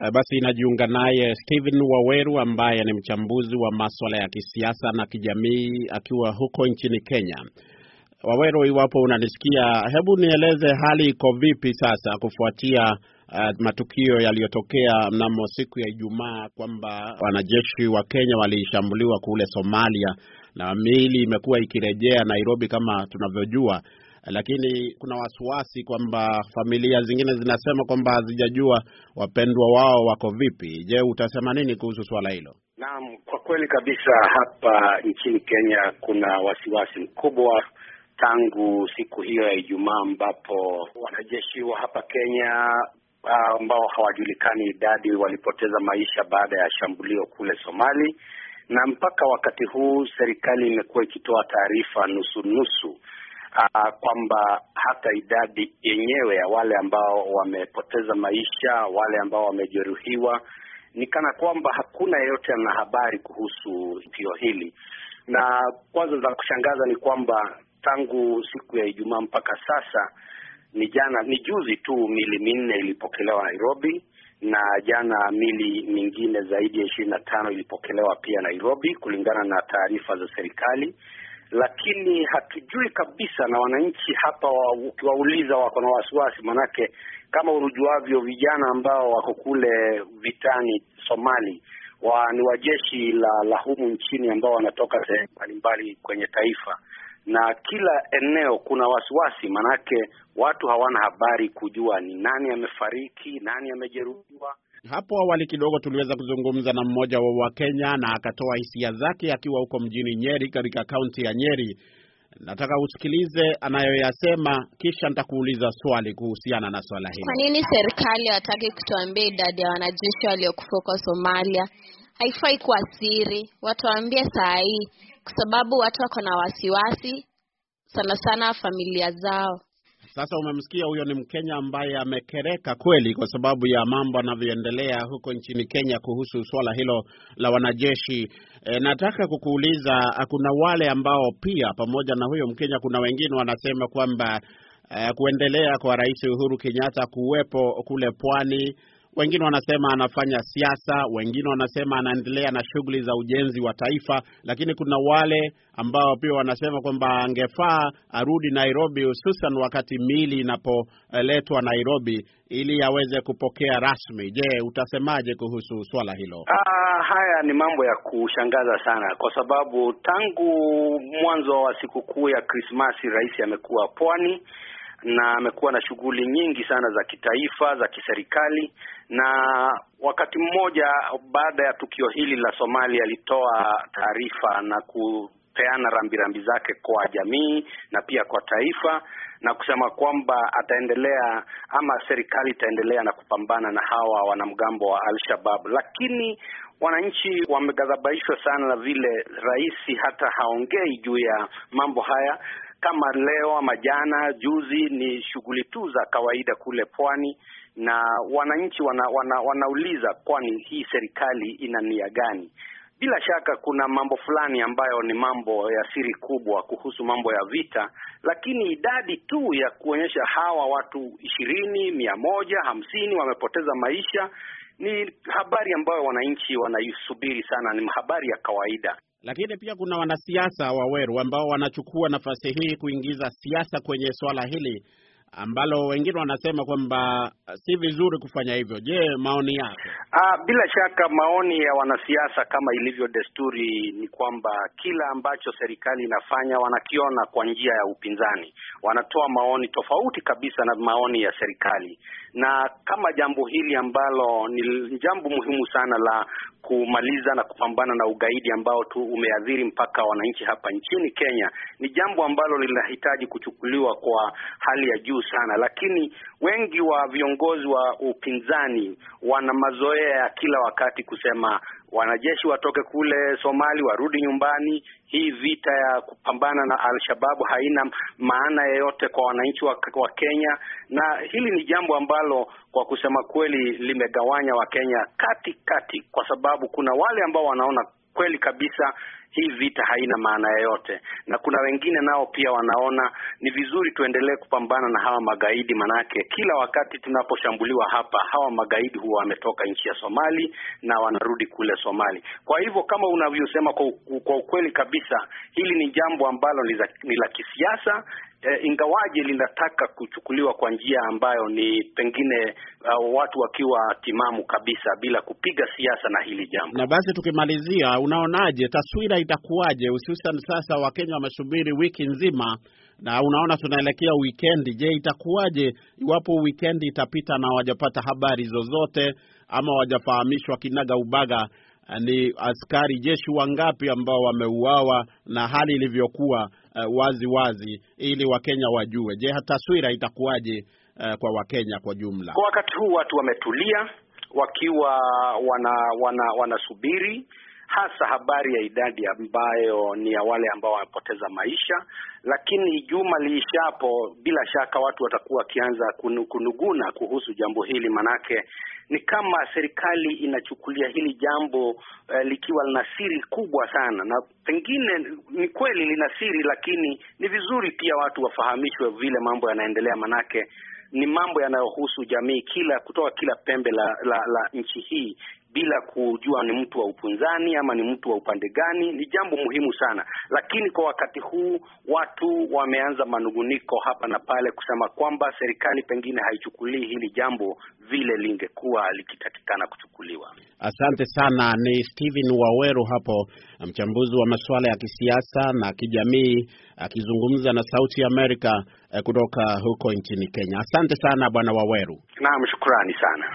Eh, basi inajiunga naye Stephen Waweru ambaye ni mchambuzi wa maswala ya kisiasa na kijamii akiwa huko nchini Kenya. Waweru, iwapo unanisikia, hebu nieleze hali iko vipi sasa kufuatia uh, matukio yaliyotokea mnamo siku ya Ijumaa kwamba wanajeshi wa Kenya walishambuliwa kule Somalia na miili imekuwa ikirejea Nairobi kama tunavyojua lakini kuna wasiwasi kwamba familia zingine zinasema kwamba hazijajua wapendwa wao wako vipi. Je, utasema nini kuhusu swala hilo? Naam, kwa kweli kabisa hapa nchini Kenya kuna wasiwasi mkubwa tangu siku hiyo ya Ijumaa ambapo wanajeshi wa hapa Kenya ah, ambao hawajulikani idadi walipoteza maisha baada ya shambulio kule Somali, na mpaka wakati huu serikali imekuwa ikitoa taarifa nusu nusu uh, kwamba hata idadi yenyewe ya wale ambao wamepoteza maisha, wale ambao wamejeruhiwa, ni kana kwamba hakuna yeyote ana habari kuhusu tukio hili. Na kwanza za kushangaza ni kwamba tangu siku ya Ijumaa mpaka sasa ni jana, ni juzi tu mili minne ilipokelewa Nairobi na jana mili mingine zaidi ya ishirini na tano ilipokelewa pia Nairobi, kulingana na taarifa za serikali lakini hatujui kabisa, na wananchi hapa ukiwauliza wako na wasiwasi, manake kama urujuavyo vijana ambao wako kule vitani Somali wa ni wajeshi la la humu nchini ambao wanatoka sehemu mbalimbali kwenye taifa, na kila eneo kuna wasiwasi, manake watu hawana habari kujua ni nani amefariki, nani amejeruhiwa. Hapo awali kidogo tuliweza kuzungumza na mmoja wa Wakenya na akatoa hisia zake akiwa huko mjini Nyeri katika kaunti ya Nyeri. Nataka usikilize anayoyasema, kisha nitakuuliza swali kuhusiana na swala hili. Kwa nini serikali hawataki kutuambia idadi ya wanajeshi waliokufa huko Somalia? Haifai kuwa siri, watuambie saa hii, kwa sababu watu wako na wasiwasi, sana sana familia zao. Sasa umemsikia huyo ni Mkenya ambaye amekereka kweli kwa sababu ya mambo yanavyoendelea huko nchini Kenya kuhusu swala hilo la wanajeshi. E, nataka kukuuliza kuna wale ambao pia pamoja na huyo Mkenya kuna wengine wanasema kwamba e, kuendelea kwa Rais Uhuru Kenyatta kuwepo kule pwani wengine wanasema anafanya siasa, wengine wanasema anaendelea na shughuli za ujenzi wa taifa, lakini kuna wale ambao pia wanasema kwamba angefaa arudi Nairobi, hususan wakati mili inapoletwa Nairobi ili aweze kupokea rasmi. Je, utasemaje kuhusu swala hilo? Ah, haya ni mambo ya kushangaza sana, kwa sababu tangu mwanzo wa sikukuu ya Krismasi rais amekuwa pwani na amekuwa na shughuli nyingi sana za kitaifa za kiserikali. Na wakati mmoja baada ya tukio hili la Somalia, alitoa taarifa na ku kupeana rambirambi zake kwa jamii na pia kwa taifa na kusema kwamba ataendelea ama serikali itaendelea na kupambana na hawa wanamgambo wa Al-Shabaab, lakini wananchi wamegadhabishwa sana na vile rais hata haongei juu ya mambo haya kama leo ama jana juzi, ni shughuli tu za kawaida kule pwani, na wananchi wana, wana, wanauliza kwani hii serikali ina nia gani? Bila shaka kuna mambo fulani ambayo ni mambo ya siri kubwa kuhusu mambo ya vita, lakini idadi tu ya kuonyesha hawa watu ishirini, mia moja, hamsini wamepoteza maisha ni habari ambayo wananchi wanaisubiri sana, ni habari ya kawaida. Lakini pia kuna wanasiasa wa weru ambao wanachukua nafasi hii kuingiza siasa kwenye swala hili ambalo wengine wanasema kwamba uh, si vizuri kufanya hivyo. Je, maoni yako? Ah, bila shaka maoni ya wanasiasa kama ilivyo desturi ni kwamba kila ambacho serikali inafanya wanakiona kwa njia ya upinzani, wanatoa maoni tofauti kabisa na maoni ya serikali na kama jambo hili ambalo ni jambo muhimu sana la kumaliza na kupambana na ugaidi ambao tu umeathiri mpaka wananchi hapa nchini Kenya, ni jambo ambalo linahitaji kuchukuliwa kwa hali ya juu sana, lakini wengi wa viongozi wa upinzani wana mazoea ya kila wakati kusema wanajeshi watoke kule Somali warudi nyumbani. Hii vita ya kupambana na alshababu haina maana yeyote kwa wananchi wa, wa Kenya, na hili ni jambo ambalo kwa kusema kweli limegawanya Wakenya katikati, kwa sababu kuna wale ambao wanaona kweli kabisa hii vita haina maana yoyote, na kuna wengine nao pia wanaona ni vizuri tuendelee kupambana na hawa magaidi, manake kila wakati tunaposhambuliwa hapa, hawa magaidi huwa wametoka nchi ya Somali na wanarudi kule Somali. Kwa hivyo kama unavyosema, kwa ukweli kabisa, hili ni jambo ambalo ni la kisiasa e, ingawaje linataka kuchukuliwa kwa njia ambayo ni pengine uh, watu wakiwa timamu kabisa bila kupiga siasa na hili jambo. Na basi tukimalizia, unaonaje taswira itakuwaje, hususan sasa Wakenya wamesubiri wiki nzima na unaona tunaelekea wikendi. Je, itakuwaje iwapo wikendi itapita na wajapata habari zozote ama wajafahamishwa kinaga ubaga eh, ni askari jeshi wangapi ambao wameuawa na hali ilivyokuwa uh, wazi wazi ili Wakenya wajue. Je, taswira itakuwaje uh, kwa Wakenya kwa jumla? Kwa wakati huu watu wametulia wakiwa wana, wana, wanasubiri hasa habari ya idadi ambayo ni ya wale ambao wamepoteza maisha. Lakini juma liishapo, bila shaka watu watakuwa wakianza kunuguna kuhusu jambo hili, manake ni kama serikali inachukulia hili jambo eh, likiwa lina siri kubwa sana, na pengine ni kweli lina siri, lakini ni vizuri pia watu wafahamishwe vile mambo yanaendelea, manake ni mambo yanayohusu jamii kila kutoka kila pembe la, la, la nchi hii bila kujua ni mtu wa upinzani ama ni mtu wa upande gani, ni jambo muhimu sana. Lakini kwa wakati huu watu wameanza manunguniko hapa na pale, kusema kwamba serikali pengine haichukulii hili jambo vile lingekuwa likitakikana kuchukuliwa. Asante sana. Ni Steven Waweru hapo, mchambuzi wa masuala ya kisiasa na kijamii, akizungumza na Sauti ya Amerika eh, kutoka huko nchini Kenya. Asante sana Bwana Waweru. Naam, shukrani sana.